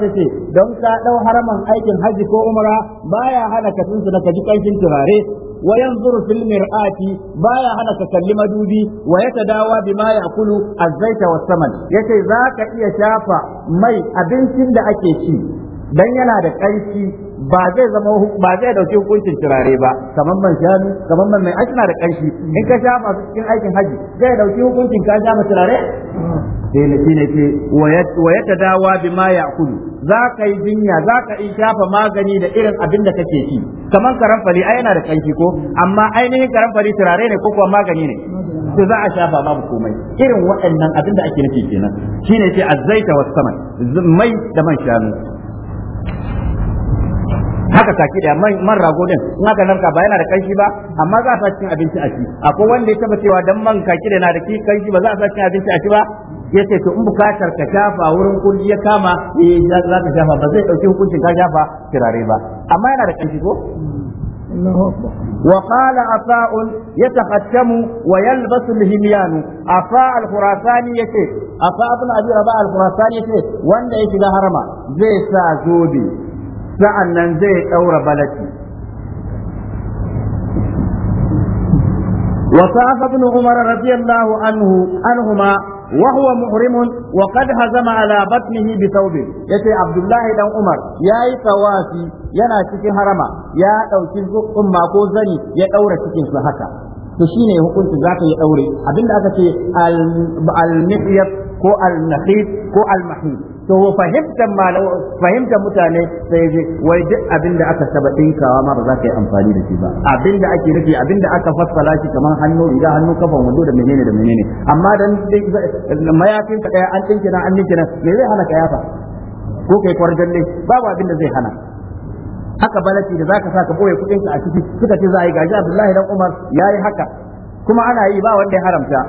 ta ce don ka ɗau haraman aikin haji ko umra baya hana ka tunsu da kaji kanshin turare wa yanzuru fil mir'ati baya hana ka kalli madubi wa yatadawa bima ya'kulu az-zaita was-saman yace zaka iya shafa mai abincin da ake ci dan yana da ƙarfi ba zai zama ba zai dauki hukuncin turare ba kamar man shanu kamar man mai ashina da ƙarfi in ka shafa su cikin aikin haji zai dauki hukuncin ka shafa turare sai na shine ce wa bi ma ya kudu za ka yi jinya za ka yi shafa magani da irin abin da kake ci kamar karamfari ai yana da kanki ko amma ainihin karamfari turare ne ko kuwa magani ne sai za a shafa babu komai irin waɗannan abin da ake nufi kenan shine ce azzaita was saman mai da man shanu haka saki da man man rago din in aka narka ba yana da kanshi ba amma za a sa cikin abinci a ci akwai wanda ya taba cewa dan man kaki da na da kanshi ba za a sa cikin abinci a ci ba yace to in bukatar ka shafa wurin kulli ya kama eh za ka shafa ba zai dauki hukuncin ka shafa kirare ba amma yana da kanshi ko وقال عطاء يتختم ويلبس الهميان عطاء الخراساني يتي عطاء بن ابي رباح الخراساني يتي وان يتي هرما زي سا زودي سعنا زي دور بلتي وصاف ابن عمر رضي الله عنه عنهما وهو محرم وقد هزم على بطنه بثوب يتي عبد الله بن عمر يا توافي ينا cikin harama ya dauki umma ko zani ya ɗaura cikin su haka to shine hukunci zaka ya daure abinda aka ce al ko al ko al to fahimtar malam fahimtar mutane sai je wai duk abin da aka saba dinkawa ma ba za ka yi amfani da shi ba abin da ake nufi abin da aka fassara shi kamar hannu riga hannu kafan wando da menene da menene amma dan mayakin ka daya an dinki na an dinki na me zai hana ka yafa ko kai ne? babu abin da zai hana haka balaci da zaka saka boye kudin ka a ciki suka ce za a yi gaji Abdullahi dan Umar yayi haka kuma ana yi ba wanda ya haramta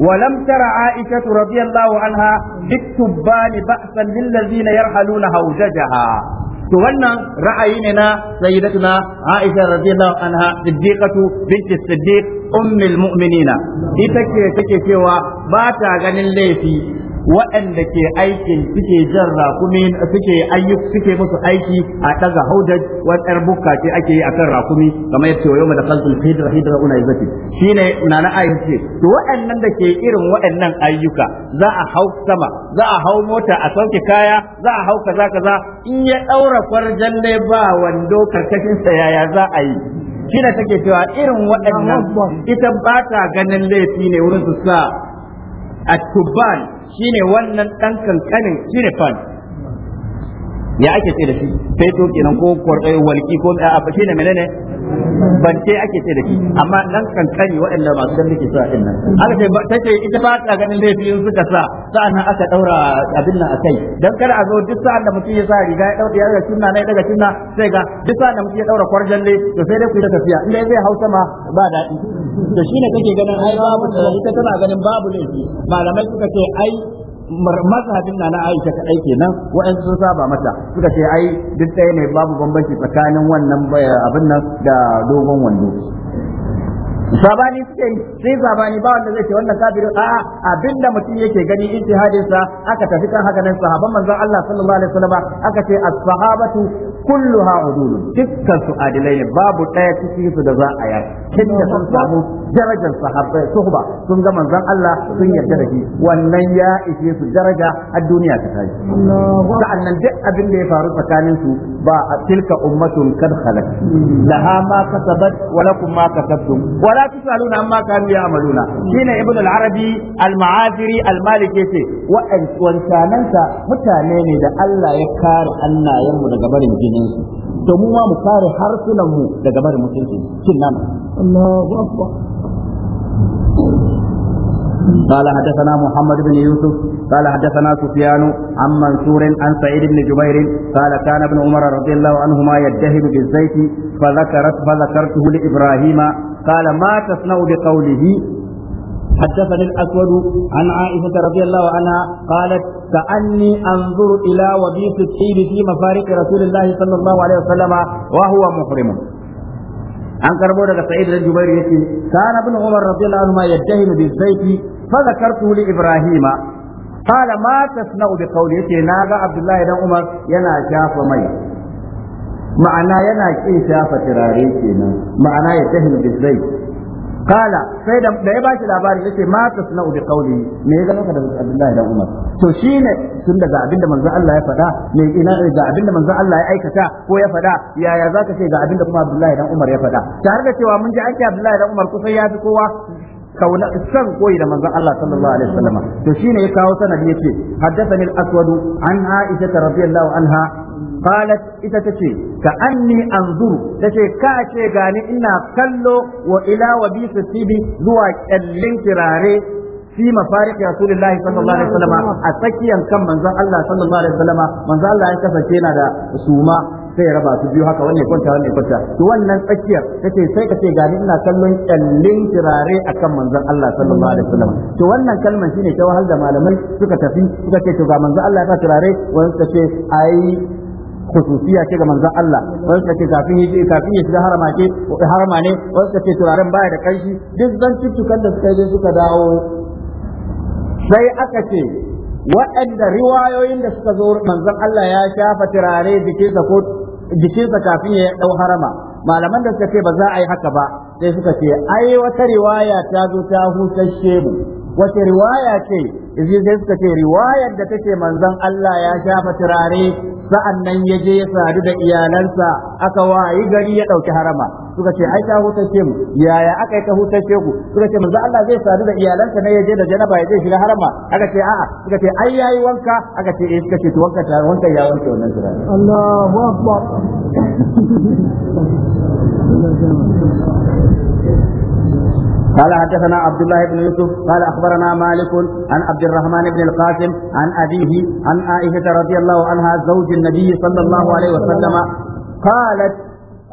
ولم تر عائشة رضي الله عنها بالتبان بأسا للذين يرحلون هوججها to wannan ra'ayi ne na na Aisha radiyallahu anha siddiqatu binti siddiq ummul mu'minina ita ke take cewa ba ta ganin laifi waɗanda ke aikin suke jan rakumi suke ayyuk suke musu aiki a daga haudaj wadar bukka ce ake yi akan rakumi kamar yace wa yawma da khalqul hidra hidra una yazati shine na ayin ce to waɗannan da ke irin waɗannan ayyuka za a hau sama za a hau mota a sauke kaya za a hau kaza kaza in ya daura farjan ne ba wando karkashin sa yaya za a yi shi da take cewa irin waɗannan ita ba ta ganin laifi ne wurin su sa at shine wannan ɗan kankanin kirfan ya ake ce da shi feto kenan ko walki ko a fashe ne menene ce ake ce da shi amma dan kankani waɗanda masu dan ke sa ɗin nan aka ce ta ce ita ba ta ganin laifin suka sa sa'annan aka ɗaura abin nan kai. dan kada a zo duk sa'an da mutum ya sa riga ya daura ya cinna na ne daga cinna. sai ga duk sa'an da mutum ya ɗaura kwarjan ne to sai dai ku ta tafiya inda zai hausa ma ba daɗi to ne kake ganin ai babu ita tana ganin babu laifi malamai suka ce ai mazhabin na na Aisha kadai nan, wa'ansu sun saba mata suka ce ai duk ɗaya ne babu bambanci tsakanin wannan eh, abin nan da dogon wando sabani suke yi sai sabani ba wanda zai ce wannan kafirin a abinda mutum yake gani ijtihadin sa aka tafi kan haka nan sahabban manzon Allah sallallahu alaihi wasallam aka ce as-sahabatu kulluha udulun dukkan su adilai babu daya cikin su da za a yi kinda sun samu darajar sahabbai suhba sun ga manzon Allah sun yarda da shi wannan ya ishe su daraja a duniya ta tashi sa'annan duk abin da ya faru tsakanin su ba a tilka ummatun kad khalat laha ma kasabat wa lakum ma kasabtum wa wala tusaluna amma kanu ya'maluna shine ibnu al-arabi al-ma'aziri al-maliki yace mutane ne da Allah ya kare annayen mu daga barin jinin su to mu ma mu kare harsunan daga barin mutunci shin nan Allahu akbar قال حدثنا محمد بن يوسف قال حدثنا سفيان عن منصور عن سعيد بن جبير قال كان ابن عمر رضي الله عنهما يدهن بالزيت فذكرت فذكرته لابراهيم قال ما تصنع بقوله حدثني الأسود عن عائشة رضي الله عنها قالت كأني أنظر إلى وبيس الطيب في مفارق رسول الله صلى الله عليه وسلم وهو محرم an karbo daga sa'id da jubairu yace kana ibn umar radiyallahu anhu ma yattahimu bil sayfi fa zakartu li ibrahima qala ma tasna'u bi qawli yace na ga abdullahi dan umar yana shafa mai ma'ana yana kin shafa turare kenan ma'ana ya tahin bizai kala sai da ya bashi labari yace ma tasna'u bi qawli me ya ga da Abdullahi dan Umar to shine tun daga abinda manzon Allah ya faɗa me ina ga abinda manzon Allah ya aikata ko ya faɗa yaya zaka ce ga abinda kuma Abdullahi dan Umar ya faɗa tare da cewa mun ji an ce Abdullahi dan Umar kusan ya fi kowa kauna san koyi da manzon Allah sallallahu alaihi wasallam to shine ya kawo sanadi yace haddathani al-aswad an aisha radiyallahu anha qalat ita tace ka anni anzuru tace ka ce gani ina kallo wa ila wa bi sibi zuwa kallin kirare fi mafariki rasulullahi sallallahu alaihi wasallam a tsakiyan kan manzon Allah sallallahu alaihi wasallam manzon Allah ya kasance yana da suma sai raba su biyu haka wanne kwanta wanne kwanta to wannan tsakiyar kace sai kace gani ina kallon kallin kirare akan manzon Allah sallallahu alaihi wasallam to wannan kalman shine ta wahal da malamai suka tafi suka ce to ga manzon Allah ya kirare wani suka ce ai khususiya ce ga manzon Allah wani suka ce kafin yaje kafin ya shiga harama ce harama ne wani suka turaren baya da kanshi duk zan zantuttukan da suka je suka dawo sai aka ce waɗanda riwayoyin da suka zo manzon Allah ya shafa turare jikinsa ko jikinsa kafin ya dau harama malaman da suka ce ba za a yi haka ba sai suka ce ai wata riwaya ta zo ta hutashe mu wace riwaya ce izi sai suka ce riwayar da take manzon Allah ya shafa turare sa'annan ya je ya sadu da iyalansa aka wayi gari ya dauki harama suka ce ai ta hutace mu yaya aka yi ta hutace ku suka ce manzon Allah zai sadu da iyalansa ne ya je da janaba ya je shiga harama aka ce a'a suka ce ai yayi wanka aka ce eh suka ce to wanka ta wanka ya wanke wannan turare Allahu akbar قال حدثنا عبد الله بن يوسف قال اخبرنا مالك عن عبد الرحمن بن القاسم عن ابيه عن عائشه رضي الله عنها زوج النبي صلى الله عليه وسلم قالت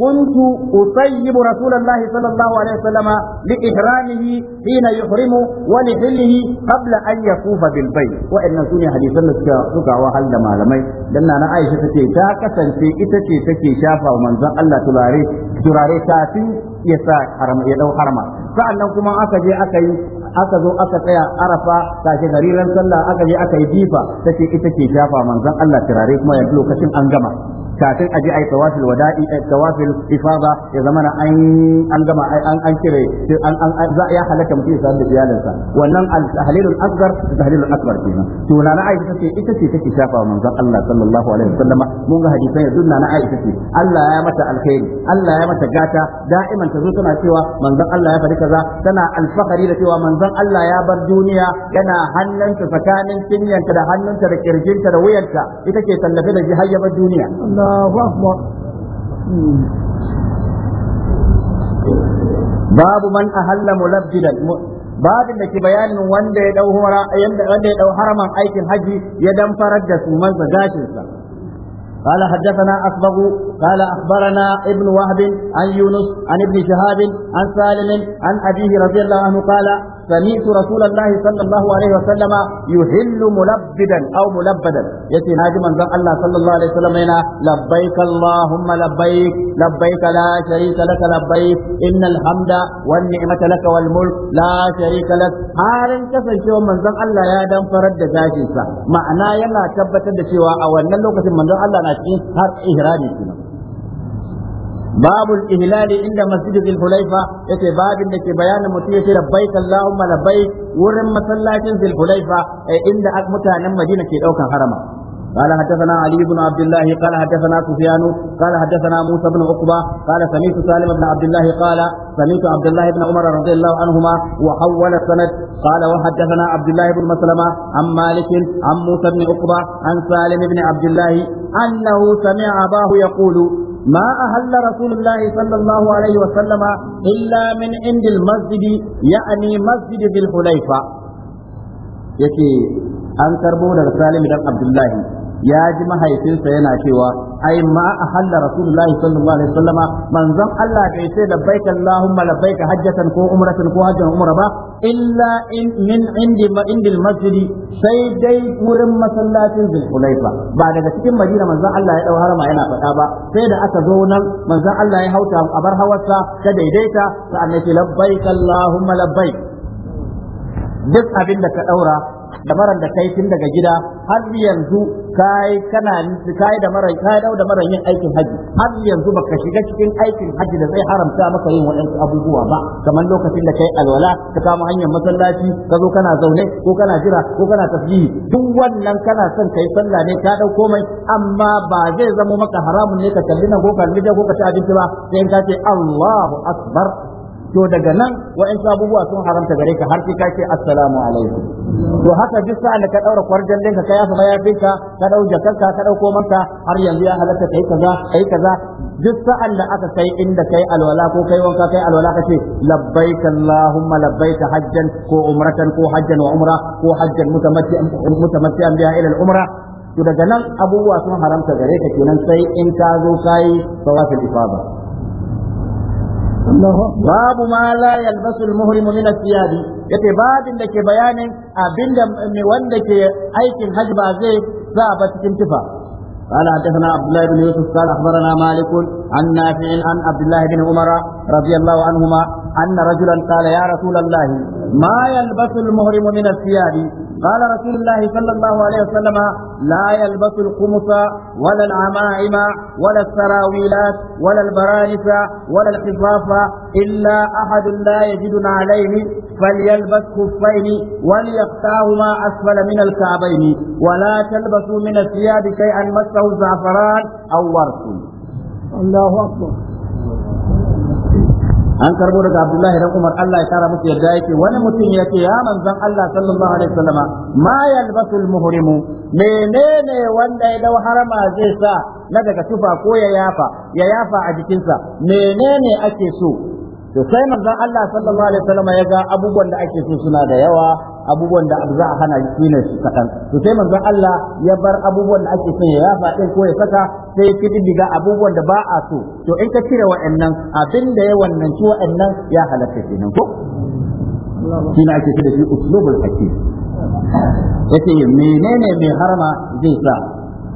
كنت أطيب رسول الله صلى الله عليه وسلم لإحرامه حين يحرم ولحله قبل أن يطوف بالبيت وإن سوني حديثا لسكا سكا وحل لما لمي لأن أنا عايشة تكي تاكسا في إتكي تكي شافا ومن ذا الله تلاري تلاري تاتي يسا حرم يدو حرما فأنا كما أكجي أكي aka zo aka tsaya arafa tashi gariran sallah aka je aka yi jifa take ita ke shafa manzon Allah turare kuma yanzu lokacin an gama kafin aje ai tawafil wada'i eh, tawafil ifada ya zamana an an gama an an kire an an za ya halaka mutum sa da iyalinsa wannan al-tahlilul asghar tahlilul akbar kenan to na Aisha tace ita ce take shafa wa manzon Allah sallallahu alaihi wasallam mun ga hadisan yanzu na Aisha ce Allah ya mata alkhairi Allah ya mata gata da'iman ta zo tana cewa manzon Allah ya fari kaza tana alfahari da cewa manzon Allah ya bar duniya yana hannunta tsakanin cinyanta da hannunta da kirjinta da wuyanta ita ke tallafe da jihayyabar duniya الله أكبر باب من أهل ملبدا babin da ke bayanin wanda ya dau wanda ya dau haraman aikin haji ya dan farar da suman gashin sa قال حدثنا أصبغ قال أخبرنا ابن وهب عن يونس عن ابن شهاب عن سالم عن أبيه رضي الله عنه قال سمعت رسول الله صلى الله عليه وسلم يهل ملبدا أو ملبدا يتي ناجي من الله صلى الله عليه وسلم هنا لبيك اللهم لبيك لبيك لا شريك لك لبيك إن الحمد والنعمة لك والملك لا شريك لك halin kasancewa manzon Allah ya dan farar da gashinsa ma'ana yana tabbatar da cewa a wannan lokacin manzon Allah na cikin har ihrami kenan babul ihlali inda masjid zul hulaifa yace babin da ke bayanin mutum yace labbaik allahumma labbaik wurin masallacin zul hulaifa inda mutanen madina ke daukan harama قال حدثنا علي بن عبد الله قال حدثنا سفيان قال حدثنا موسى بن عقبة قال سمعت سالم بن عبد الله قال سمعت عبد الله بن عمر رضي الله عنهما وحول السند قال وحدثنا عبد الله بن مسلمة عن مالك عن موسى بن عقبة عن سالم بن عبد الله أنه سمع أباه يقول ما أهل رسول الله صلى الله عليه وسلم إلا من عند المسجد يعني مسجد ذي الحليفة يكي أنكر بولا سالم بن عبد الله ya ji mahaifinsa yana cewa ai ma ahalla rasulullahi sallallahu alaihi wasallama manzon Allah bai ce labbaik allahumma labbaik hajjatan ko umratan ko hajjan umra ba illa in min indi indi sai dai wurin masallacin zulhulaifa ba daga cikin madina manzon Allah ya dau harama yana fada ba sai da aka zo nan manzon Allah ya hauta a bar hawarsa ta daidaita sa'an ya ce allahumma labbaik duk abin da ka daura da maran da kai tun daga gida har yanzu kai kana kai da mara kai da da mara yin aikin haji har yanzu baka shiga cikin aikin haji da zai haramta maka yin waɗansu abubuwa ba kamar lokacin da kai alwala ka kama hanyar masallaci ka zo kana zaune ko kana jira ko kana tasbihi duk wannan kana son kai sallah ne ka dauko mai amma ba zai zama maka haramun ne ka kalli nan ko kalli ko ka ci abinci ba sai ka ce Allahu akbar to daga nan wa'ansu abubuwa sun haramta gare ka har sai ka ce assalamu alaikum to haka duk sa'an da ka daura kwarjan ɗinka ka yafa mayafin ka ka dau jakarka ka dauko manta har yanzu ya halatta kai kaza kai kaza duk sa'an da aka kai inda kai alwala ko kai wanka kai alwala ka ce labbaika allahumma labbaika hajjan ko umratan ko hajjan wa umra ko hajjan mutamatti'an mutamatti'an biha ila al-umra to daga nan abubuwa sun haramta gare ka kenan sai in ka zo kai tawafil ifada babu ma la yalbasul muhrimu min asiyabi yace babin da ke bayanin abinda wanda ke aikin hajji ba zai za ba cikin tufa قال حدثنا عبد الله بن يوسف قال اخبرنا مالك عن نافع عن عبد الله بن عمر رضي الله عنهما ان رجلا قال يا رسول الله ما يلبس المهرم من الثياب قال رسول الله صلى الله عليه وسلم لا يلبس القمص ولا العمائم ولا السراويلات ولا البرانس ولا الخفاف الا احد لا يجد عليه فليلبس خفين وليقطعهما أسفل من الكعبين ولا تلبسوا من الثياب شيئا مسه زعفران أو ورق الله an karbo daga Abdullahi dan Umar Allah ya kara musu yadda yake wani mutum ya ce ya manzon Allah sallallahu alaihi wasallama ma yalbasul muhrimu menene wanda ya dau harama zai sa na daga tufa ko ya yafa ya yafa a jikinsa menene ake so to sai manzon Allah sallallahu alaihi wasallam ya ga abubuwan da ake so suna da yawa abubuwan da za a hana shi ne su kaɗan to sai manzon Allah ya bar abubuwan da ake son ya yafa din ko ya saka sai ya kididdiga abubuwan da ba a so to in ka cire wa'annan abin da ya wannan ci wa'annan ya halatta nan ko shi ne ake da shi uslubul hakim yace menene mai harama zai sa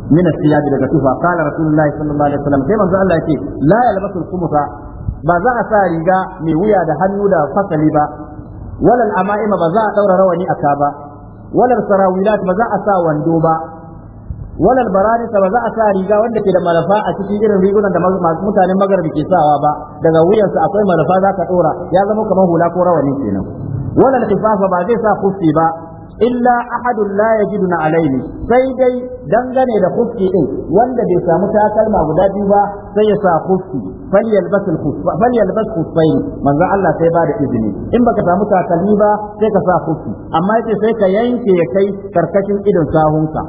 من الثياب لك تفا قال رسول الله صلى الله عليه وسلم كما قال الله لا يلبس الخمس ba za a sa riga mai wuya da hannu da fasali ba walal ama'ima ba za a daura rawani a ka ba walal sarawilat ba za a sa wando ba walal baranisa ba za a sa riga wanda ke da malafa a cikin irin rigunan da masu mutanen magharibi ke sawa ba daga wuyansa akwai malafa za ka dora ya zama kamar hula ko rawani kenan walal kifafa ba zai sa kufi ba illa ahadun la yajiduna alaini, sai dai dangane da kufi din wanda bai samu takalma guda biyu ba sai ya sa kufi falyalbas al-khuffa manzo Allah sai ba da izini in baka samu takalmi ba sai ka sa kufi amma yace sai ka yanke ya kai karkashin idon sahunka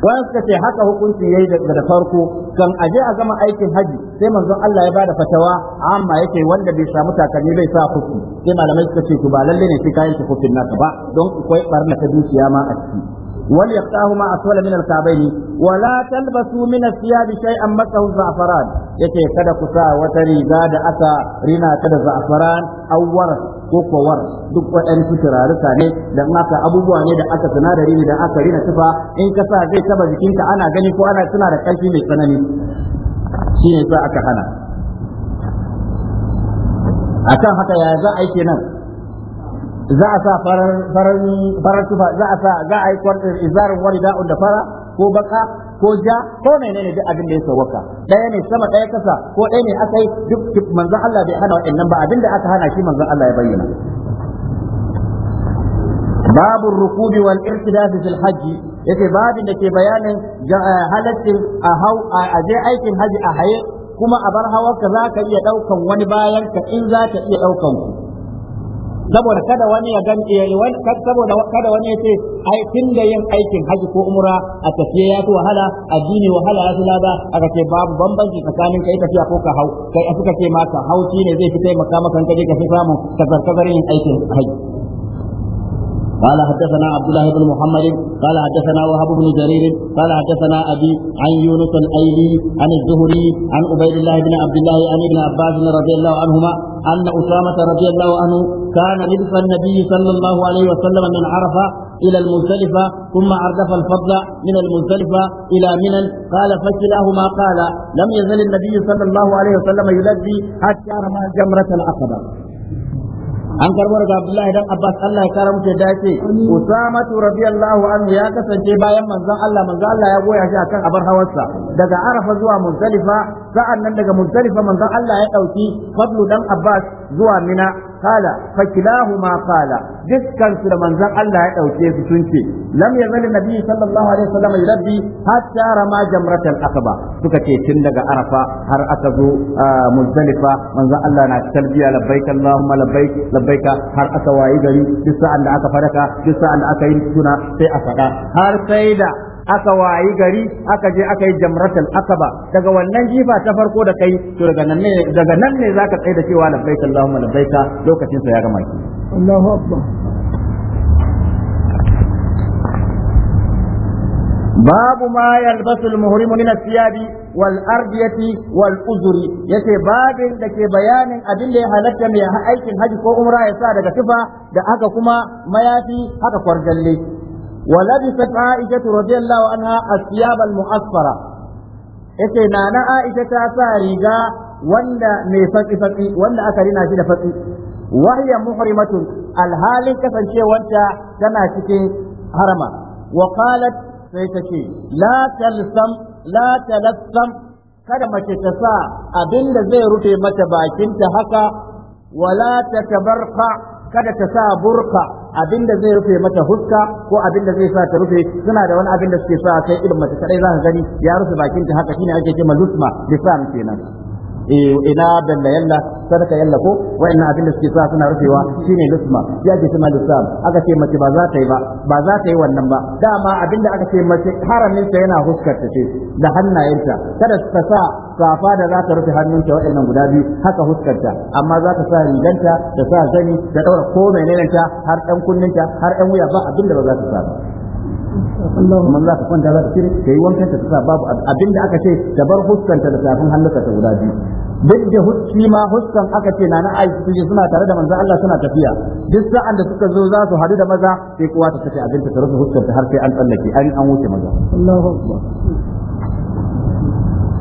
bayan suka ce haka hukunci yayi daga farko kan aje a gama aikin haji sai manzon Allah ya bada fatawa amma yake wanda bai samu takalmi bai sa hukunci. sai malamai suka ce to ba lalle ne sai kayan kufin naka ba don akwai barna ta dukiya ma a ciki wal yaqtahu ma aswala min al kabayni wa la talbasu min al thiyab shay'an masahu zafaran yake kada kusa sa wata riga da aka rina kada zafaran awar ko kwar duk ko an fitira da sane abubuwa ne da aka tana da rini da aka rina tufa in ka sa zai taba jikin ana gani ko ana tana da kalfi mai tsanani. shi ne za aka hana akan haka yaya za aike nan za a sa farar tufa za a sa za a yi kwartin eh, izarin warida'un da fara ko baka ko ja ko menene duk abin da ya sauwaka ɗaya ne sama ɗaya kasa ko ɗaya ne aka yi duk manzon Allah bai hana nan. ba abin da aka hana shi manzon Allah ya bayyana باب الركوب والارتداد في ya ke babin da ke bayanin eh, halaccin a hau a je aikin haji a haye kuma a bar hawar ka za ka iya ɗaukan wani bayan ka in za ka iya ɗaukan ku saboda kada wani ya gani saboda kada wani ya ce ai da yin aikin haji ko umra a tafiya ya fi wahala addini wahala ya fi lada a ce babu bambanci tsakanin kai tafiya ko ka hau kai a suka ce maka ka ne zai fi taimaka maka in kaje ka fi samun kazar yin aikin haji قال حدثنا عبد الله بن محمد قال حدثنا وهب بن جرير قال حدثنا ابي عن يونس الايلي عن الزهري عن عبيد الله بن عبد الله عن ابن عباس رضي الله عنهما أن أسامة رضي الله عنه كان لبس النبي صلى الله عليه وسلم من عرفة إلى المزدلفة ثم أردف الفضل من المزدلفة إلى منى قال فكلاهما قال لم يزل النبي صلى الله عليه وسلم يلبي حتى رمى جمرة العقبة an karbo daga Abdullahi dan Abbas Allah ya kara muke dace Usama radiyallahu anhu ya kasance bayan manzon Allah manzon Allah ya goya shi akan abar hawarsa daga Arafa zuwa Muzdalifa Sa'an nan daga muzdalifa manzon Allah ya ɗauki fadlu dan Abbas zuwa Mina kala fa ma kala dukkan su da manzon Allah ya ɗauke su sun ce lam yazal nabi sallallahu alaihi wasallam yurabbi hatta rama jamratal aqaba suka ce tun daga Arafa har aka zo muzdalifa manzon Allah na talbiya labbaik allahumma labbaik har aka wayi gari duk sa'an da aka faraka duk sa'an da aka yi suna sai a faɗa har sai da aka wayi gari aka je aka yi jamratul akaba daga wannan jifa ta farko da kai to daga nan ne daga nan ne zaka kai da cewa labbaik Allahumma ya gama shi babu ma ya albasu al muhrimu min asiyabi wal ardiyati wal yace babin da ke bayanin abin da ya halatta mai aikin haji ko umra ya sa daga kifa da aka kuma mayafi haka kwarjalle ولبست عائشة رضي الله عنها الثياب المعصفرة إتي نانا عائشة تاريغا وندا مي فتي فتي وندا أكرنا شي فتي وهي محرمة الهالي كفن شي وانتا كما تكي هرما وقالت سيتشي لا تلثم لا تلثم kada mace ta sa abin da zai rufe mata bakinta haka wala ta kada ta sa burka abin da zai rufe mata huska ko abin da zai sa ta rufe suna da wani abin da suke sa kai irin mace kadai za ka gani ya rufe bakin ta haka shine ake cewa lusma lisan kenan Eh, ina balla yalla sadaka yalla ko inna abin da suke sa suna rufewa shine lisma ya ce suna lisam aka ce mace ba za ta yi ba ba za ta yi wannan ba dama abin da aka ce mace haramin sa yana huskar ta ce da hannayenta kada ta sa safa da za ta rufe hannunta waɗannan guda biyu haka huskarta amma za ta sa riganta ta sa zani da ɗaura ko menene ta har ɗan kunninta har ɗan wuya ba abin da ba za ta sa ba man za ka kwanta za ka cire ka yi wankan ta sa babu abin da aka ce ta bar huskanta da tafin hannunka ta guda biyu duk da hussi ma huskan aka ce na na aiki suna tare da manzon Allah suna tafiya duk sa'an da suka zo za su hadu da maza sai kowa ta tafi abin ta rufe huskanta har sai an tsallake an an wuce maza Allahu akbar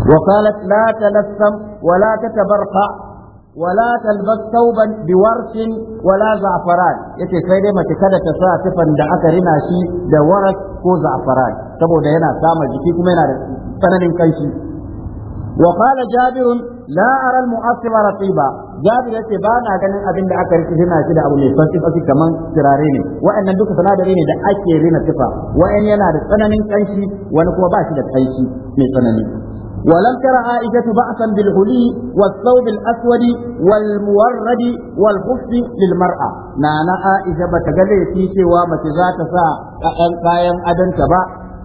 وقالت لا تلثم ولا تتبرقع wala talbas biwarsin wala za'faran yace sai dai mace kada ta sa tufan da aka rina shi da warak ko za'faran saboda yana sama jiki kuma yana da tsananin kanshi wa qala jabir la ara al mu'assir ratiba jabir yace ba na ganin abin da aka rina shi da abu mai fasi fasi kaman turare ne wa'annan duka sanadari ne da ake rina tufa wa'an yana da tsananin kanshi wani kuma ba shi da kanshi mai tsanani ولم تر عائشة بأسا بالهلي والثوب الأسود والمورد والخف للمرأة نانا عائشة بتجلي في سوى متزات سا قائم أدن تبا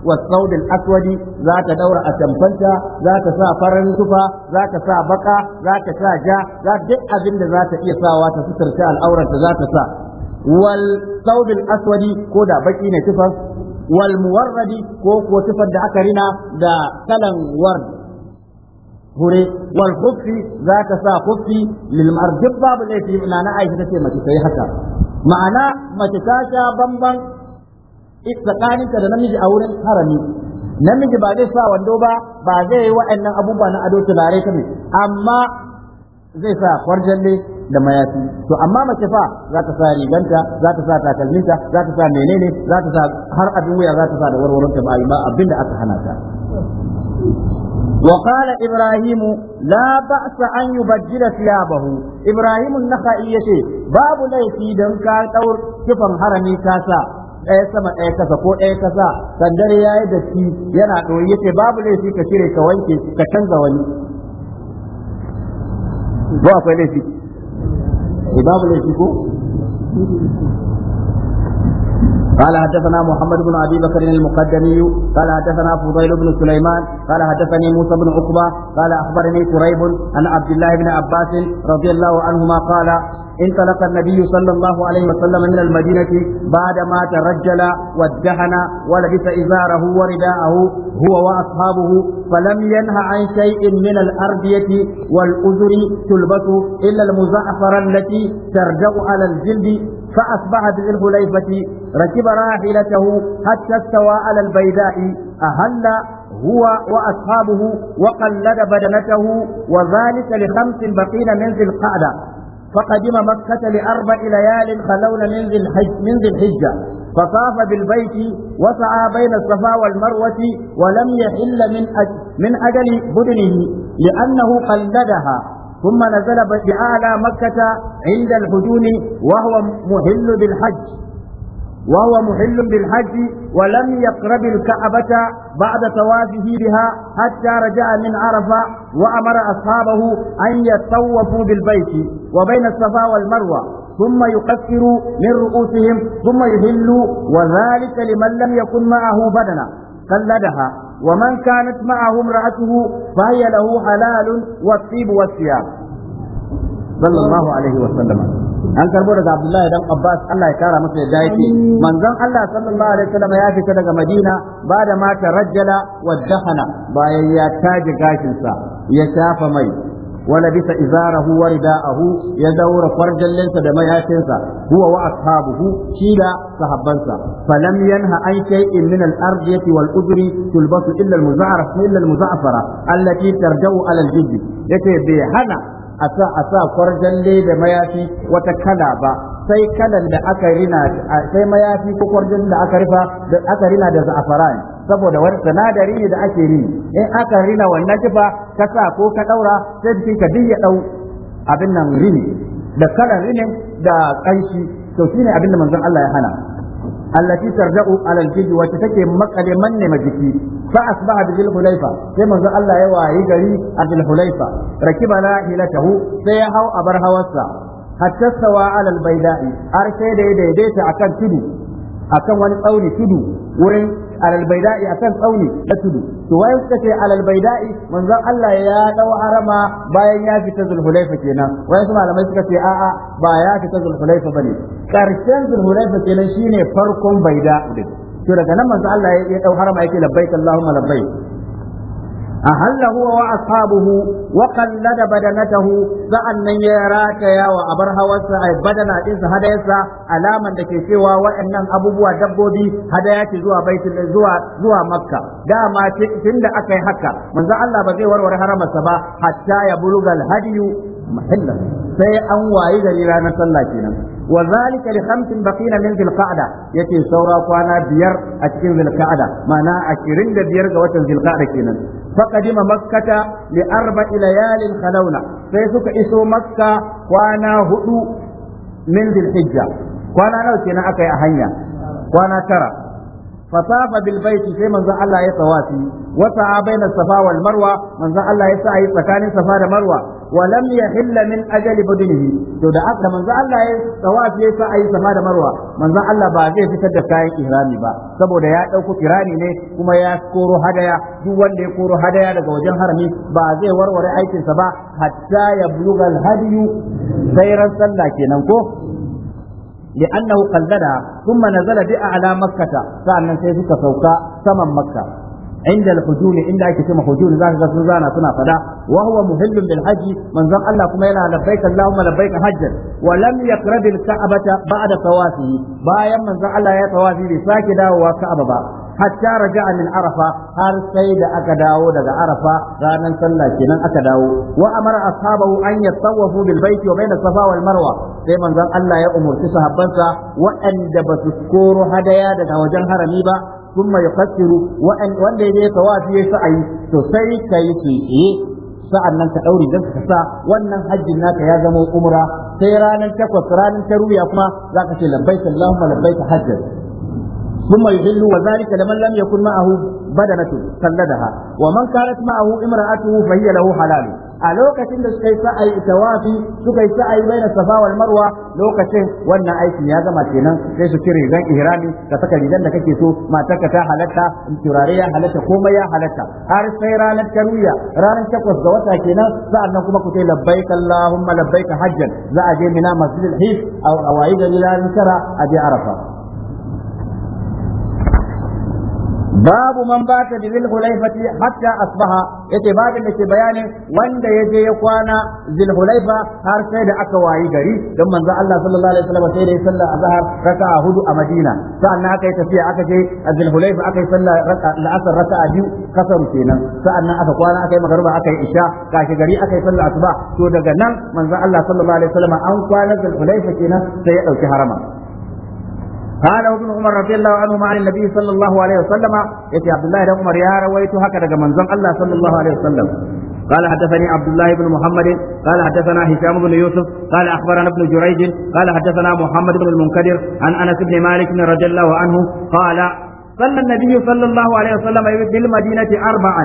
والثوب الأسود ذات دور أتمفنتا ذات سا فرن تفا ذات سا بقى ذات سا جا ذات دئ أبن ذات إيسا واتستر شاء الأورة ذات سا والثوب الأسود كودا بكين تفا والمورد كوكو تفا دعكرنا دا كلن ورد Hure wal khuffi zaka sa khuffi lil marjib babu laifi na na aisha tace mace sai haka ma'ana mace ta sha bamban tsakaninta da namiji a wurin harami namiji ba zai sa wando ba ba zai yi wa'annan abubuwa na ado tulare ta amma zai sa kwarjalle da mayafi to amma mace fa za ta sa riganta za ta sa takalminta za ta sa menene za ta sa har abin wuya za ta sa da warwaronta ba ba abin da aka hana ta وقال إبراهيم لا بأس أن يبدل ثيابه إبراهيم النخعي يشي باب ليتي دنكا تور كفن هرمي كاسا ɗaya sama ɗaya kasa ko ɗaya kasa sandar ya yi datti yana ɗoyi yace babu laifi ka cire ka wanke ka canza wani قال حدثنا محمد بن ابي بكر المقدمي قال حدثنا فضيل بن سليمان قال حدثني موسى بن عقبه قال اخبرني قريب عن عبد الله بن عباس رضي الله عنهما قال انطلق النبي صلى الله عليه وسلم من المدينه بعدما ترجل وادهن ولبس ازاره ورداءه هو واصحابه فلم ينه عن شيء من الارديه والاذر تلبس الا المزعفر التي ترجع على الجلد فأصبح ذي الحليفة ركب راحلته حتى استوى على البيداء أهل هو وأصحابه وقلد بدنته وذلك لخمس بقين من ذي القعدة فقدم مكة لأربع ليال خلون من ذي الحج من ذي الحجة فطاف بالبيت وسعى بين الصفا والمروة ولم يحل من أجل من أجل بدنه لأنه قلدها ثم نزل بأعلى مكة عند الحجون وهو مهل بالحج وهو محل بالحج ولم يقرب الكعبة بعد توافه بها حتى رجع من عرفة وأمر أصحابه أن يطوفوا بالبيت وبين الصفا والمروة ثم يقصروا من رؤوسهم ثم يهلوا وذلك لمن لم يكن معه بدنا قلدها ومن كانت معه امرأته فهي له حلال والطيب والثياب صلى الله عليه وسلم an karbo daga Abdullahi dan Abbas Allah ya kara masa yadda yake manzon Allah sallallahu alaihi wasallam ya fita daga Madina ba da mata rajjala wa dahana bayan ya taje gashin sa ya shafa mai wala bisa izarahu wa rida'ahu ya daura farjallinsa da mayakinsa huwa wa ashabuhu shi da sahabbansa falam yanha an shay'in min al-ardiyati wal udri tulbasu illa al-muza'ara illa al-muza'fara allati tarja'u ala al-jiddi yace bai hana a sa a da mayafi wata kala ba sai kalan da aka rina sai mayafi ko kwarjin da aka rufa da aka rina da za'afaran saboda wani sanadari ne da ake rini in aka rina wannan kifa ka sa ko ka daura sai cikin ka ya dau abin nan rini da kalan rinin da kanshi to shine abin da manzon Allah ya hana allati tarja'u ala al-jidi wa take makale manne majiki fa asbaha bi al-hulayfa sai manzon Allah ya wayi gari a al-hulayfa rakibala hilatahu sai ya hau bar hawarsa hatta sawa alal baida'i har sai da ya daidaita akan tudu akan wani tsauni tudu wurin alal baida'i akan tsauni na tudu to wayan suka ce alal baida'i manzon Allah ya dau arama bayan ya fita zulhulaifa kenan wayan malamai suka ce a'a ba ya fita zulhulaifa bane karshen zulhulaifa kenan shine farkon baida'i to daga nan manzo Allah ya dau harama yake labbaik Allahumma labbaik أهل هو وأصحابه وقلد بدنته فأن يراك يا وأبرها وسع بدنا إنس هذا يسع ألاما دكي سوى وإن أبوبوا دبودي هذا يأتي زوا بيت زوا زوا مكة دا ما تند أكي حكا من ذا الله بزي ورور حرم السبا حتى يبلغ الهدي محلا sai an wayi gari ranar sallah kenan wa zalika li khamsin baqina min dhil qa'da yace saura kwana biyar a cikin dhil qa'da ma'ana 25 ga watan dhil qa'da kenan فقدم مكة لأربع ليال خلونا فيسوك إسو مكة وانا هدو من ذي الحجة وانا نوتينا أكي أهنيا وانا ترى فطاف بالبيت في من الله يتواتي وسعى بين الصفا والمروة من الله يسعى سكان الصفا والمروة wa lam yahilla min ajali badunihi to da aka manzo Allah ya tawafi ya sa ayi sama da marwa manzo Allah ba zai fitar da kayan ihrami ba saboda ya dauko kirani ne kuma ya koro hadaya duk wanda ya koro hadaya daga wajen harami ba zai warware aikinsa ba hatta ya buluga hadiyu sai ran sallah kenan ko لأنه قلدها ثم نزل بأعلى مكة فأنا سيفك فوق saman مكة inda al inda ake cewa hujumi zaka ga sun zana suna faɗa. wa huwa muhillun bil manzon Allah kuma yana labbaika Allahumma labbaika hajjan wa lam yaqrab al-ka'bata ba'da tawafihi bayan manzon Allah ya tawafi bai sake dawowa Ka'aba ba hatta raja'a min arafa har sai da aka dawo daga arafa ranar sallah kenan aka dawo wa amara ashabahu an yatawafu bil baiti wa baina safa wal marwa sai manzon Allah ya umarci sahabbansa waɗanda ba su koro hadaya daga wajen harami ba thumma yufakkiru wanda ya tawafi ya sa'ayi to sai kai keke sa'annan ka daure dan ka sa wannan hajjin naka ya zama umra sai ranar takwas ranar taruya kuma zaka ce labbaika allahumma labbaika hajjan ثم يحل وذلك لمن لم يكن معه بدنة سلدها ومن كانت معه امرأته فهي له حلال a lokacin da suka yi sa'ayi tawafi suka yi sa'ayi baina safa wal marwa lokacin wannan aikin ya gama kenan sai su cire rigan ihrami ka saka rigan da kake so matarka ta halatta turare ya halatta komai ya halatta har sai ranar tarwiya ranar takwas ga wata kenan nan kuma ku sai labbaik allahumma labbaik hajjan za a je mina masjidil hif a wayi gari ranar tara a je arafa babu man bata bi zil hulaifati hatta asbaha yace babin da ke bayani wanda ya je ya kwana zil hulaifa har sai da aka wayi gari don manzo Allah sallallahu alaihi wasallam sai da ya salla azhar raka'a hudu a Madina sa'annan aka yi tafiya aka je zil hulaifa aka yi salla la'asar raka'a biyu kasar kenan sa'annan aka kwana aka yi magariba aka yi isha kashi gari aka yi salla asuba to daga nan manzo Allah sallallahu alaihi wasallam an kwana zil hulaifa kenan sai ya dauki harama قال ابن عمر رضي الله عنهما عن النبي صلى الله عليه وسلم يتي عبد الله بن عمر يا رويت هكذا من زم الله صلى الله عليه وسلم قال حدثني عبد الله بن محمد قال حدثنا هشام بن يوسف قال اخبرنا ابن جريج قال حدثنا محمد بن المنكدر عن انس بن مالك رضي الله عنه قال صلى النبي صلى الله عليه وسلم بالمدينه اربعا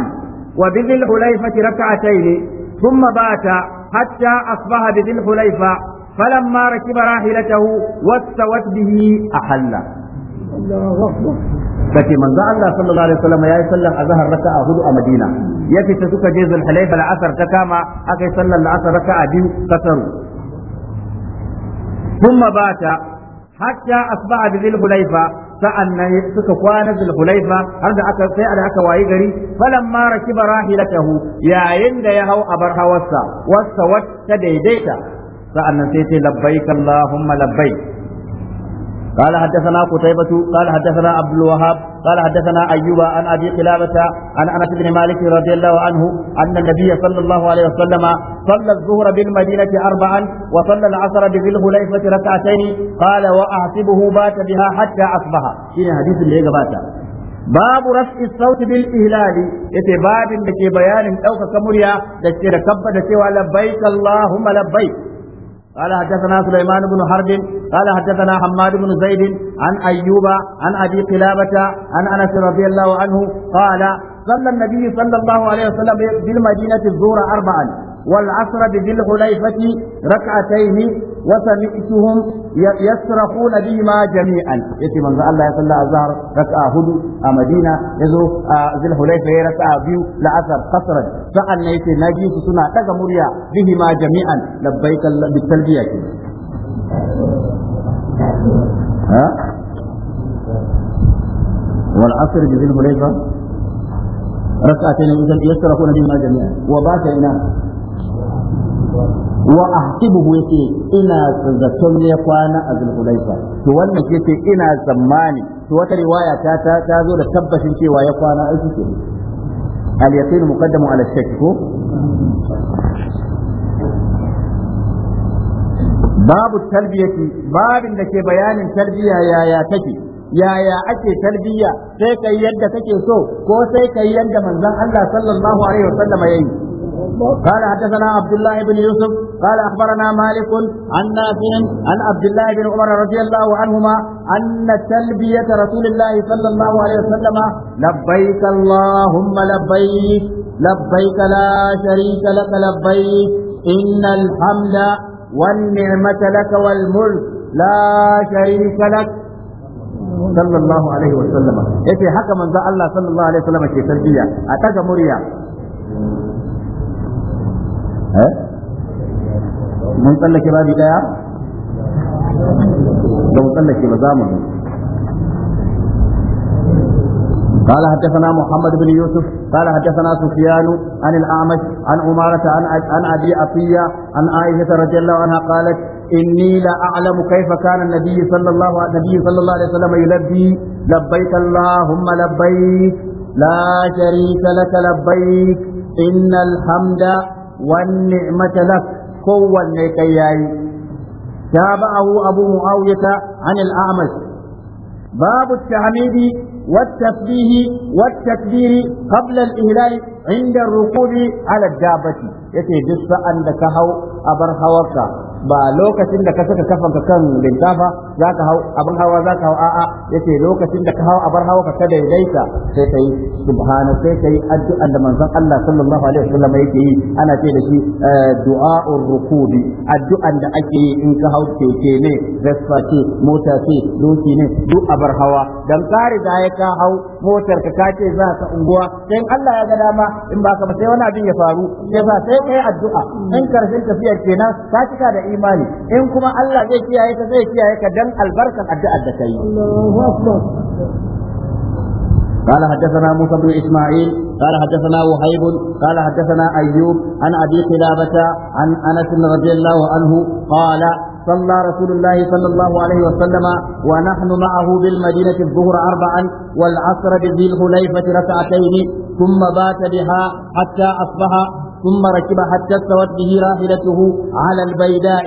وبذي الحليفه ركعتين ثم بات حتى اصبح بذي الحليفه فلما ركب راحلته واستوت به أحل الله أكبر kace manzo Allah sallallahu alaihi wasallam yayi sallan azhar raka'a hudu a Madina ya fita suka je Zulhulayfa al-asr ta kama aka yi sallan al-asr raka'a biyu kasaru thumma bata hatta asba'a bi Zulhulayfa sa'annan suka kwana laifa har da aka sai da aka wayi gari falamma rakiba rahilatahu yayin da ya hau abar hawarsa wasa daidaita sa'annan sai ce labbaik allahumma labbaik قال حدثنا قتيبة قال حدثنا عبد الوهاب قال حدثنا أيوب عن أبي قلابة عن أنس بن مالك رضي الله عنه أن النبي صلى الله عليه وسلم صلى الظهر بالمدينة أربعا وصلى العصر بذي الخليفة ركعتين قال وأحسبه بات بها حتى أصبح في حديث اللي باب رفع الصوت بالإهلال يتي باب لكي بيان أو كمريا لكي ركب لكي لبيك اللهم لبيك قال حدثنا سليمان بن حرب قال حدثنا حماد بن زيد عن أيوب عن أبي قلابة عن أنس رضي الله عنه قال صلى النبي صلى الله عليه وسلم بالمدينة الزور أربعا والعصر بذي الحليفة ركعتين وسمعتهم يصرخون بهما جميعا يتي من الله يصلى الظهر ركعة هدو آه، مدينة يزو آه، ذي الحليفة ركعة بيو لعصر قصرا فأن يتي نجيس سنة تغمريا بهما جميعا لبيك بالتلبية ها والعصر بذي الحليفة ركعتين يصرخون بهما جميعا وباتينا wa ahtibuhu yake ina zaton ya kwana a zulhulaifa to wannan ce ina tsammani to wata riwaya ta ta ta zo da tabbacin cewa ya kwana a cikin al yaqin muqaddamu ala shakk ko babu tarbiyati babin da ke bayanin tarbiya yaya take yaya ake tarbiya sai kai yadda kake so ko sai kai yadda manzon Allah sallallahu alaihi wasallam yayi قال حدثنا عبد الله بن يوسف قال أخبرنا مالك عن نافع عن عبد الله بن عمر رضي الله عنهما أن تلبية رسول الله صلى الله عليه وسلم لبيك اللهم لبيك لبيك لا شريك لك لبيك إن الحمد والنعمة لك والملك لا شريك لك sallallahu alaihi wa sallama yace haka manzo Allah sallallahu alaihi wa sallama ke tarbiya a daga murya ها من tsallake لك daya da mun tsallake لك za قال حدثنا محمد بن يوسف قال حدثنا سفيان عن الأعمش عن عمارة عن عن أبي عطية عن عائشة رضي الله عنها قالت إني لا أعلم كيف كان النبي صلى الله النبي صلى الله عليه وسلم يلبي لبيك اللهم لبيك لا شريك لك لبيك إن الحمد Wanne ni'mata lak kowanne kai yayi tabahu abu muawiyata an al-a'mash babu tahmidi والتسبيح والتكبير قبل الإهلال عند الركوب على الدابة da ka hau a bar hawarka ba lokacin da ka saka kafanka kan ba. zaka hau abin hawa zaka hau a'a yace lokacin da ka hau abar hawa ka daidaita sai kai subhana sai kai addua da manzon Allah sallallahu alaihi wasallam yake yi ana ce da shi eh, du'a'ur rukubi addu'an da ake yi in ka hau keke ne vespa ce mota ce doki ne duk abar hawa dan tsari da ka hau motar ka kace za ka unguwa sai Allah ya ga dama in baka ba sai wani abin ya faru sai ba sai kai addu'a in karshen tafiyar kenan ka cika da imani in kuma Allah zai kiyaye ka zai kiyaye ka dan dan albarkan addu'ar da kai Allahu akbar قال حدثنا موسى بن اسماعيل قال حدثنا وهيب قال حدثنا ايوب عن ابي قلابه عن انس رضي الله عنه قال صلى رسول الله صلى الله عليه وسلم ونحن معه بالمدينة الظهر أربعا والعصر بذي الحليفة ركعتين ثم بات بها حتى أصبح ثم ركب حتى استوت به راحلته على البيداء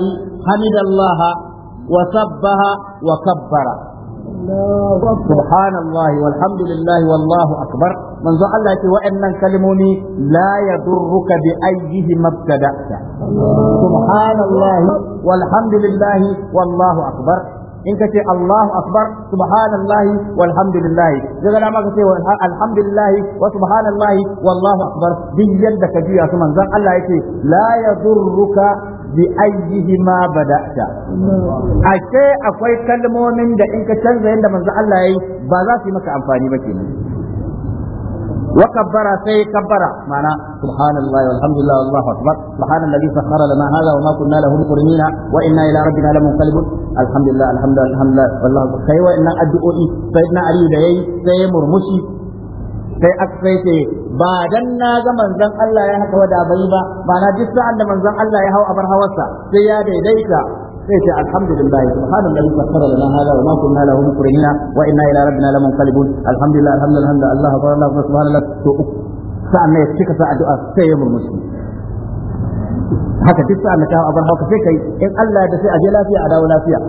حمد الله وسبح وكبر سبحان الله والحمد لله والله أكبر من ذو الله وإن كلموني لا يضرك بأيهما ابتدأت سبحان الله والحمد لله والله أكبر in ka ce Allahu akbar subhanallah walhamdulillah daga dama ka ce alhamdulillah wa subhanallahi wallahu akbar duk yadda ka juya su manzon Allah yake la yadurruka bi ayyihima bada'ta Ake akwai kalmomin da in ka canza yadda manzon Allah yayi ba za su yi maka amfani ba kenan wa kabbara sai kabbara ma'ana subhanallahi walhamdulillah wallahu akbar subhana alladhi sakhkhara lana hadha wa ma kunna lahu muqrinina wa inna ila rabbina lamunqalibun alhamdulillah alhamdulillah alhamdulillah wallahu kai addu'o'i sayyidina ali da yayi sai murmushi sai ce ba dan na ga manzon Allah ya haka wada bai ba ba na duk sa'an da manzon Allah ya hau abar hawarsa sai ya daidaita sai ce alhamdulillah subhanallahi sakhara lana hada wa ma kunna lahu wa inna ila rabbina lamunqalibun alhamdulillah alhamdulillah alhamdulillah allah akbar allah subhanallah to sa'an ne cika sa addu'a sai ya murmushi haka duk sa'an da ka abar haka sai kai in Allah da sai a lafiya a dawo lafiya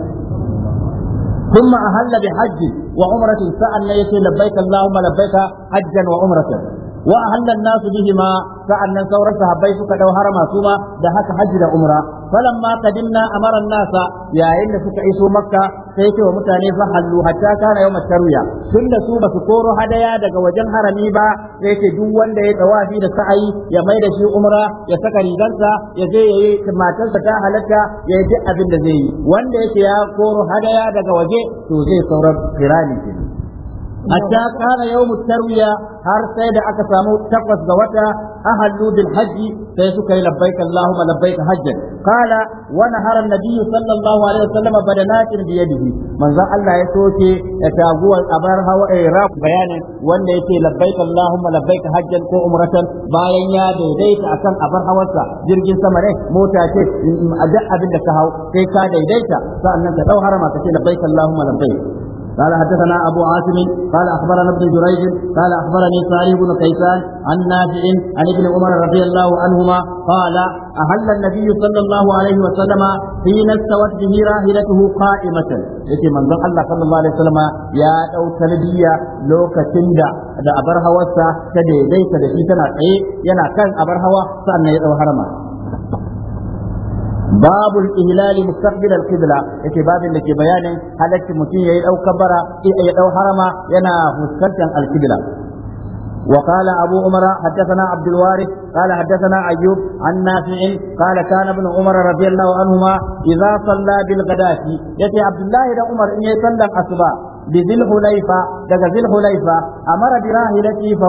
ثم أهل بحج وعمرة سأل يتي لبيك اللهم لبيك حجا وعمرة وأهل الناس بهما سأل نسورة هبيتك لو سوما دهك حج falamma qadimna amara an-nasa yayin da suka iso makka sai ce wa mutane fa hallu hatta kana yawm tarwiya tunda su basu koro hadaya daga wajen harami ba sai ce duk wanda ya tawafi da sa'ayi ya mai da shi umra ya saka rigarsa ya je yayi matarsa ta halatta ya yi abin da zai yi wanda yake ya koro hadaya daga waje to zai saurar kirani hatta kana yawmut tarwiya har sai da aka samu takwas ga wata ahallu hajji sai suka yi labbaik allahumma labbaik hajjan qala wa nahara an-nabiy sallallahu alaihi wasallam badanatin bi yadihi manzon Allah ya soke ya taguwar abar hawa iraq bayanin wanda yake labbaik allahumma labbaik hajjan ko umratan bayan ya daidaita akan abar hawarsa jirgin sama ne mota ce da ka hau sai ka daidaita sa'annan ka dau harama ka ce labbaik allahumma labbaik قال حدثنا أبو عاصم قال أخبرنا ابن جريج قال أخبرني صالح بن كيسان عن نافع عن ابن عمر رضي الله عنهما قال أهل النبي صلى الله عليه وسلم حين استوت به راحلته قائمة يتي من ذا الله صلى الله عليه وسلم يا أو تلبية لو كتندا da abar hawarsa ta daidaita da shi tana tsaye yana kan abar hawa sannan ya dau harama babu ihlali mustaqbil al-qibla yake babin da ke bayanin halaccin mutum yayi dau kabara ya dau harama yana fuskantar al-qibla وقال أبو عمر حدثنا عبد الوارث قال حدثنا أيوب عن نافع قال كان ابن عمر رضي الله عنهما إذا صلى بالغداة يأتي عبد الله بن عمر إن يصلى الأصباح بذي الحليفة daga zil hulaifa amara bi rahilati fa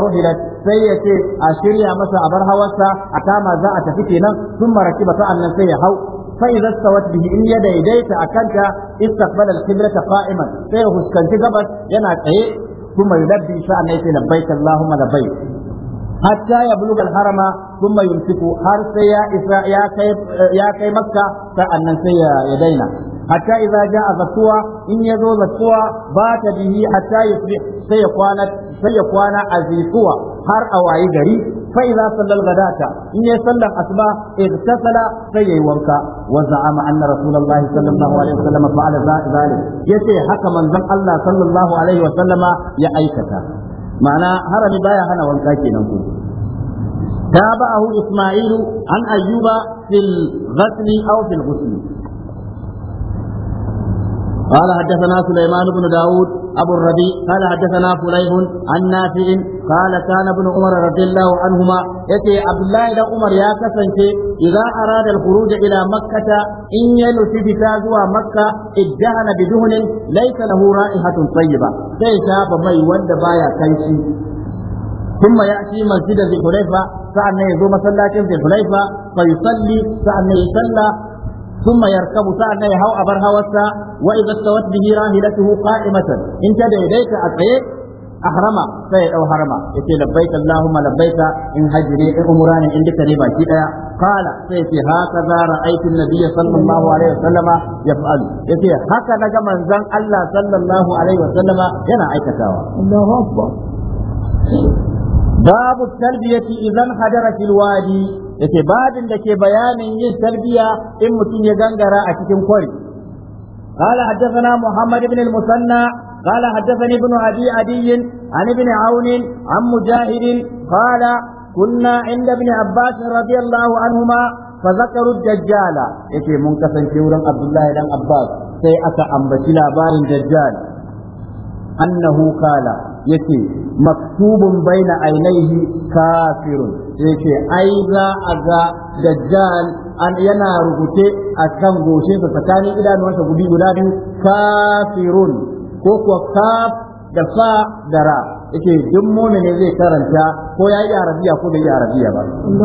sai ya ce a shirya masa a abar hawarsa a kama za a tafi kenan sun marakiba sa'annan sai ya hau fa idza stawat bihi in ya daidaita a istaqbala al-qiblata qa'iman sai ya fuskanci gabas yana tsaye kuma yulabbi sa'annan sai labbaik allahumma labbaik hatta ya buluga harama kuma yumsiku har sai ya kai ya kai makka sai ya daina hatta idza jaa zakwa in yazo zakwa ba ta bihi hatta yusbih sai ya kwana sai ya kwana azikuwa har a wayi gari fa idza sallal ghadata in ya sallan asba igtasala sai yayi wanka wa za'ama anna rasulullah sallallahu alaihi wasallam fa'ala zalik yace haka manzon Allah sallallahu alaihi wasallama ya aikata ma'ana harani baya hana wanka kenan ku تابعه إسماعيل عن أيوب في الغسل أو في الغسل قال حدثنا سليمان بن داود أبو الربيع قال حدثنا فليح عن نافع قال كان ابن عمر رضي الله عنهما يتي عبد الله بن عمر يا كسنتي إذا أراد الخروج إلى مكة إن ينسي بتازوى مكة ادهن بدهن ليس له رائحة طيبة ليس بمي ود بايا كيشي ثم يأتي مسجد ذي حليفة فأنا يزور مسلاة ذي حليفة فيصلي فأنا يصلى ثم يركب سعنا يهو أبر هوسا وإذا استوت به راهلته قائمة إن تدعي إليك أتعي أحرم سيد أو حرما يتي لبيك اللهم لبيك إن هجري عمران عندك ربا كده قال سيتي هكذا رأيت النبي صلى الله عليه وسلم يفعل يتي هكذا كمن زن الله صلى الله عليه وسلم ينا أيكتاوا الله أكبر babu tarbiyati idan hadara fil wadi yace babin da ke bayanin yin tarbiya in mutum ya gangara a cikin kwari قال حدثنا محمد بن المثنى قال حدثني ابن ابي عدي عن ابن عون عن مجاهد قال كنا عند ابن عباس رضي الله عنهما فذكروا الدجال يتي منكسن كيورا عبد الله بن عباس سي اكا امبتي لبار الدجال انه قال yake maktubun baina ainihi kafirun yake ai za a ga dajjal an yana rubuce a kan goshinsa tsakanin idanuwansa guda biyu kafirun ko kuwa kaf da fa da ra yace duk ne zai karanta ko yayi arabiya ko bai yi arabiya ba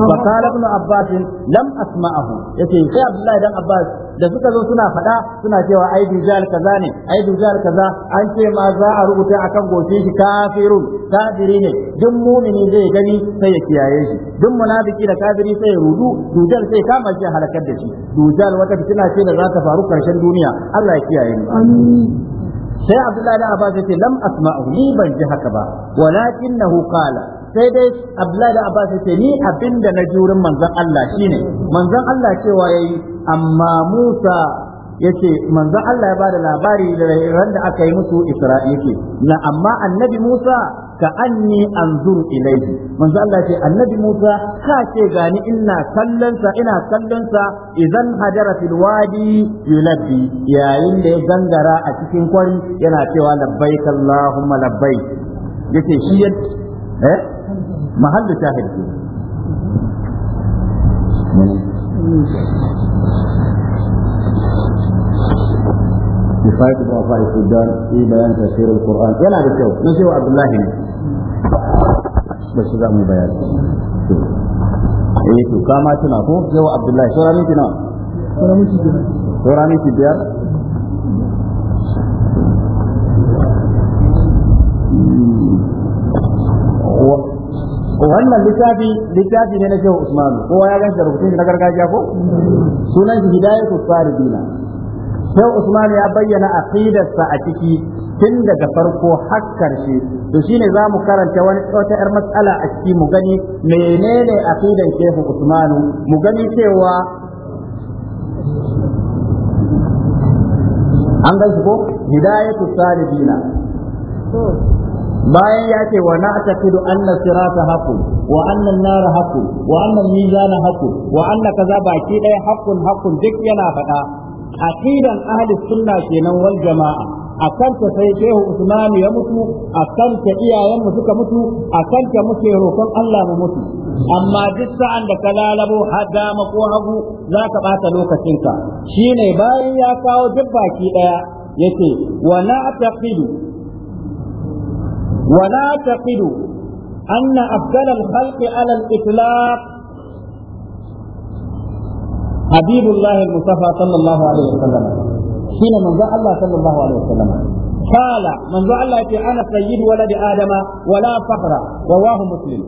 fa qala ibn abbas lam asma'ahu yace sai abdullahi dan abbas da suka zo suna faɗa suna cewa ai dujal kaza ne ai dujal kaza an ce ma za a rubuta akan goshin shi kafirun kafiri ne duk mu'mini zai gani sai ya kiyaye shi duk munafiki da kafiri sai ya rudu dujal sai kama shi halakar da shi dujal wata fitina ce da za ta faru karshen duniya Allah ya kiyaye mu amin sai abdullahi da abbas yace lam asma'u ni ban ji haka ba walakinahu qala sai dai abdullahi da abbas ce ni abinda na jurin manzon Allah shine manzon Allah cewa yayi amma Musa yace manzon Allah ya bada labari da ran da aka yi musu Isra'ila na amma annabi Musa ka anni anzuru ilaihi manzo Allah ce annabi Musa ka ce gani ina kallon ina kallon idan hadara fil wadi yulabbi yayin da ya gangara a cikin kwari yana cewa labbaik Allahumma labbaik yace shi ya eh mahallu shahid Kifayat Bapak Ibu dan Ibu yang Tafsir Al-Quran. Ya, ada tahu. Nasi Abdullah ba su za mu bayani eh to kama tuna ko yau abdullahi sauran miki nawa sauran miki biyar wannan littafi littafi ne na shehu usman ko ya gan shi rubutun na gargajiya ko sunan shi hidayatu salihina shehu usman ya bayyana aqidarsa a ciki tun daga farko har karshe to shine za mu karanta wani wata yar matsala a ciki mu gani menene aqidan shehu usmanu mu gani cewa an gan shi ko hidayatu salibina bayan ya ce wa na'taqidu anna sirata haqqun wa anna an-nar haqqun wa anna al-mizana haqqun wa anna kaza baki daya haqqun haqqun duk yana faɗa aqidan ahli sunna kenan wal jama'a a kanta sai shehu usman ya mutu a kanta iyayenmu suka mutu a kanta muke roƙon Allah mu mutu amma duk sa'an da ka lalabo dama ko hagu za ka ɓata lokacinka shine bayan ya kawo duk baki ɗaya yace wa na taqidu wa na taqidu anna afdalal khalqi ala al-itlaq حبيب الله المصطفى صلى الله عليه shine manzon Allah sallallahu alaihi wasallam qala manzon Allah ana sayyidu waladi adama wala fakhra wa wahu muslim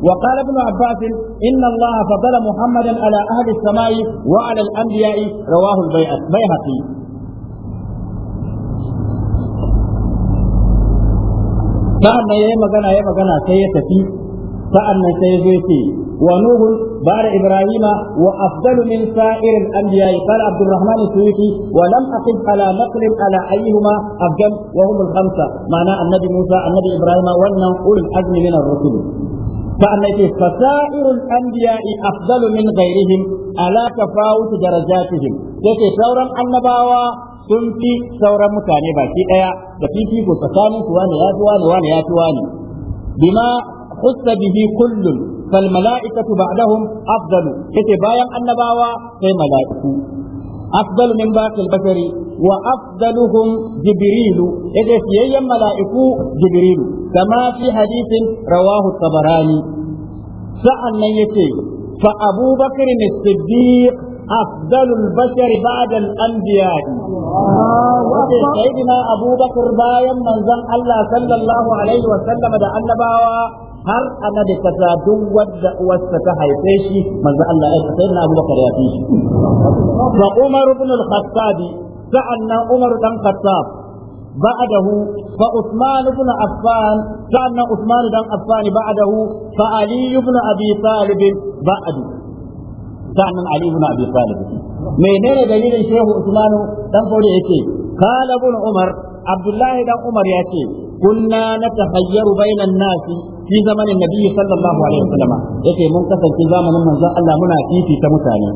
wa qala ibn abbas inna Allah fadala muhammadan ala ahli samai wa ala al anbiya rawahu al bayhaqi sa'an nan yayi magana yayi magana sai ya tafi sa'an nan sai ya zo yace ونوح بعد إبراهيم وأفضل من سائر الأنبياء قال عبد الرحمن السويسي ولم أقف على نقل على أيهما أفضل وهم الخمسة معنى النبي موسى النبي إبراهيم وأنه أولي العزم من الرسل فأنك فسائر الأنبياء أفضل من غيرهم على تفاوت درجاتهم لكي ثورا النباوة sun fi sauran mutane baki daya da fifiko tsakanin su wani ya fi wani wani ya fi wani bima khussa bihi kullun فالملائكة بعدهم أفضل إتبايا النباوة في ملائكة أفضل من باقي البشر وأفضلهم جبريل إذا سيئا ملائكة جبريل كما في حديث رواه الطبراني سألنا يتي فأبو بكر الصديق أفضل البشر بعد الأنبياء سيدنا أبو بكر بايا من زن الله صلى الله عليه وسلم دا النباوة har annabi kasa duk wadda uwarsa ta haife shi manzo Allah ya sai na Abubakar ya fi shi wa Umar ibn al-Khattab sa'annan Umar dan Khattab بعده فعثمان بن عفان كان عثمان بن عفان بعده فعلي بن ابي طالب بعده sa'annan ali ibn menene dalilin shehu usman dan fodi yake qala ibn umar abdullahi dan umar yace kunna na natahayyaru bainan nasi shi zamanin nabi sallallahu alaihi wasallam yake mun kasance zamanin manzon Allah muna fifita mutane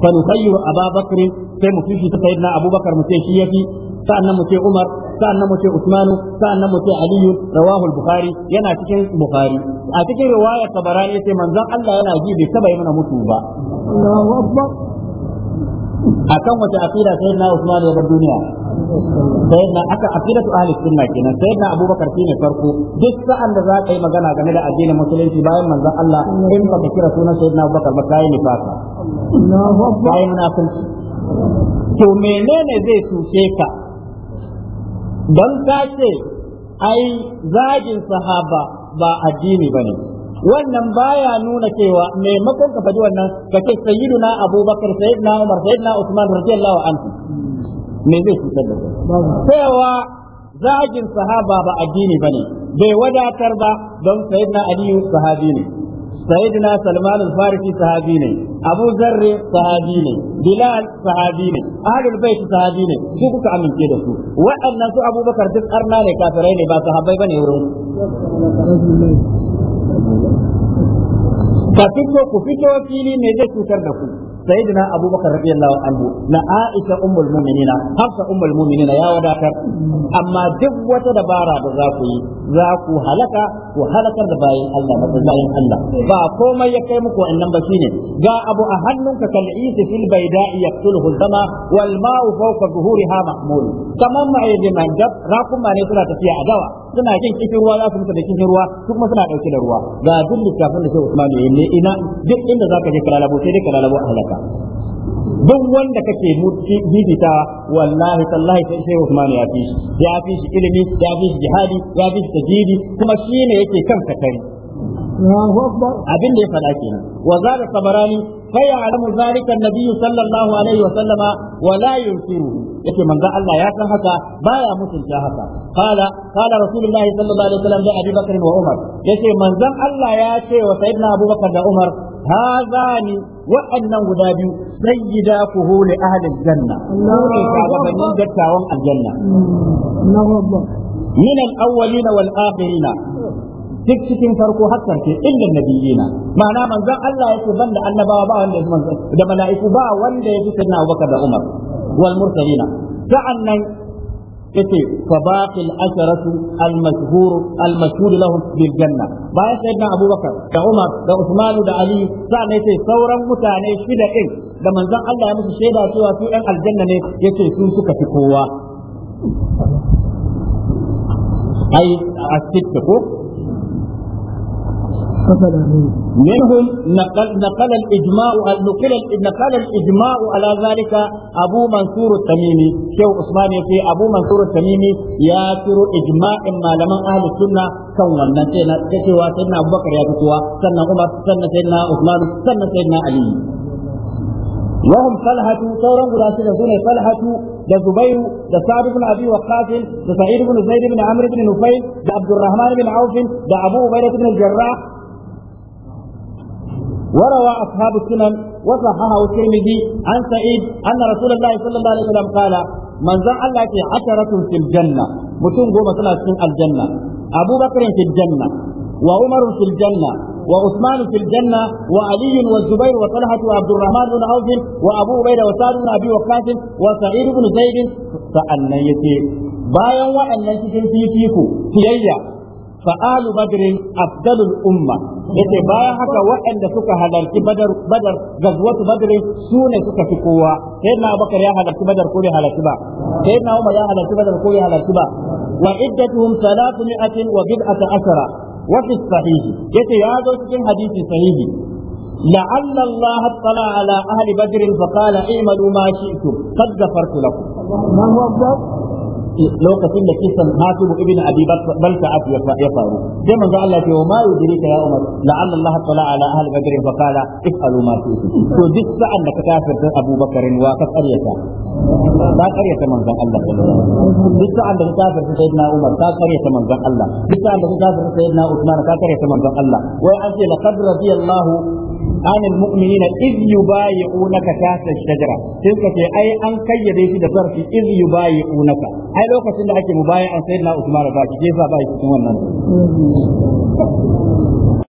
fa nusayyiru ababakr sai mu fifita sayyidina abubakar mu ce shi yafi sa'annan mu ce Umar sa'annan mu ce Usmanu sa'annan mu ce Ali rawahu al-Bukhari yana cikin Bukhari a cikin riwaya Tabarani yace manzon Allah yana ji bai taba yi mana mutu ba Allahu Akbar akan wata aqida sayyidina Usman ya bar duniya sayyidina aka aqidatu ahli sunna kenan sayyidina Abubakar shine farko duk sa'an da za ka yi magana game da addinin musulunci bayan manzon Allah in ka kira sunan sayyidina Abubakar ba kai nifaka Allahu Akbar bayan munafiqi to menene zai tushe ka don ka ce ai zagin sahaba ba addini ba ne wannan baya nuna cewa maimakon ka faɗi wannan ka ce sayyiduna abubakar sayyiduna umar sayyiduna usman radiyallahu anhu me zai cutar da cewa zagin sahaba ba addini ba ne bai wadatar ba don sayyiduna aliyu sahabi ne sayyiduna salman al-farisi sahabi ne abu zarre sahabi ne bilal sahabi ne ahlul bait sahabi ne kuka amince da su waɗannan su abubakar duk arna ne kafirai ne ba sahabbai bane wurin ka fito ku fito fili ne zai cutar da ku Saidina abubakar radiyallahu anhu na aisha ummul mu'minina hafsa ummul mu'minina ya wadatar amma duk wata dabara da za ku yi za ku halaka ku halakar da bayin Allah da Allah ba komai ya kai muku wannan ba shine ga abu a hannunka kal isi fil baida'i yaqtuluhu sama wal ma'u fawqa zuhuriha mahmul kaman mai jinan dab rakuma ne suna tafiya a dawa suna jin kishin ruwa za su mutu da kishin ruwa su kuma suna dauke da ruwa ga duk littafin da sai Usman ya yi ina duk inda zaka je kalalabo sai dai kalalabo halaka duk wanda kake bibita wallahi tallahi sai sai Usman ya fi ya fi shi ilimi ya fi shi jihadi ya fi shi tajidi kuma shine yake kan katari abin da ya faɗa kenan wa zada sabarani fa ya'lamu zalika an-nabiy sallallahu alaihi wa sallama wa la yunkiru yake manzo Allah ya san haka baya mutunta haka qala qala rasulullah sallallahu alaihi wa sallam da Abi Bakr wa Umar yace manzon Allah ya ce wa sayyidina Abu Bakar da Umar hazani waɗannan guda biyu sayyida kuhuli ahlil janna ne shugabannin dattawan aljanna min al-awwalin duk cikin farko har karshe illa nabiyina ma'ana manzon Allah yake banda annabawa ba wanda ya da mala'iku ba wanda yake sayyidina Abubakar da Umar wal mursalina sa'annan yace fa baqil asharatu al mashhur lahum bil janna bayan sayyidina abubakar da umar da usman da ali sannan yace sauran mutane shida din da manzon Allah ya musu shaida cewa su ɗan aljanna ne yace sun suka fi kowa ai a ko منهم نقل نقل الاجماع نقل نقل الاجماع على ذلك ابو منصور التميمي شيخ عثمان يقول ابو منصور التميمي يا ترو اجماع ما لم اهل السنه كون wannan sai na cewa sayyidina Abubakar ya fitowa sannan Umar sannan sayyidina Uthman sannan sayyidina Ali وهم طلحة ثورا قد أسلسون طلحة ده زبير ده سعد بن أبي وقاص ده سعيد بن زيد بن عمرو بن نفيل ده عبد الرحمن بن عوف ده أبو عبيدة بن الجراح وروى أصحاب السنن وصححه الترمذي عن سعيد أن رسول الله صلى الله عليه وسلم قال من ذا الله عشرة في الجنة متون قوم في الجنة أبو بكر في الجنة وعمر في الجنة وعثمان في الجنة وعلي والزبير وطلحة وعبد الرحمن بن عوف وأبو عبيدة وسعد بن أبي وقاص وسعيد بن زيد فأنا يتي bayan waɗannan cikin fifiku fiyayya fa'alu badrin afdalul umma yace bayan haka waɗanda suka halarci badar badar gazwatu badrin su ne suka fi kowa sai na bakar ya halarci badar ko bai halarci ba sai na umar ya halarci badar ko bai halarci ba wa iddatuhum 300 wa bid'ata asara wa fi sahih yace ya zo cikin hadisi sahihi لعل الله اطلع على اهل بدر فقال اعملوا ما شئتم قد غفرت لكم الله اكبر lokacin da kisan Hatib ibn Abi Balta ya faru sai manzo Allah ya ce wa ma yudrika ya Umar la'alla Allah tala ala ahli Badr fa qala if'alu ma fi. to duk sa'an da ka kafirta Abu Bakar wa ka karyata ka karyata manzon Allah duk sa'an da ka kafirta Sayyidina Umar ka karyata manzon Allah duk sa'an da ka kafirta Sayyidina Uthman ka karyata manzon Allah wai an ce laqad radiyallahu عن المؤمنين إذ يبايعونك تحت الشجرة تلك أي أن كيد في ظرف إذ يبايعونك أي لو كنت عندك مبايع سيدنا عثمان الباكي كيف بايع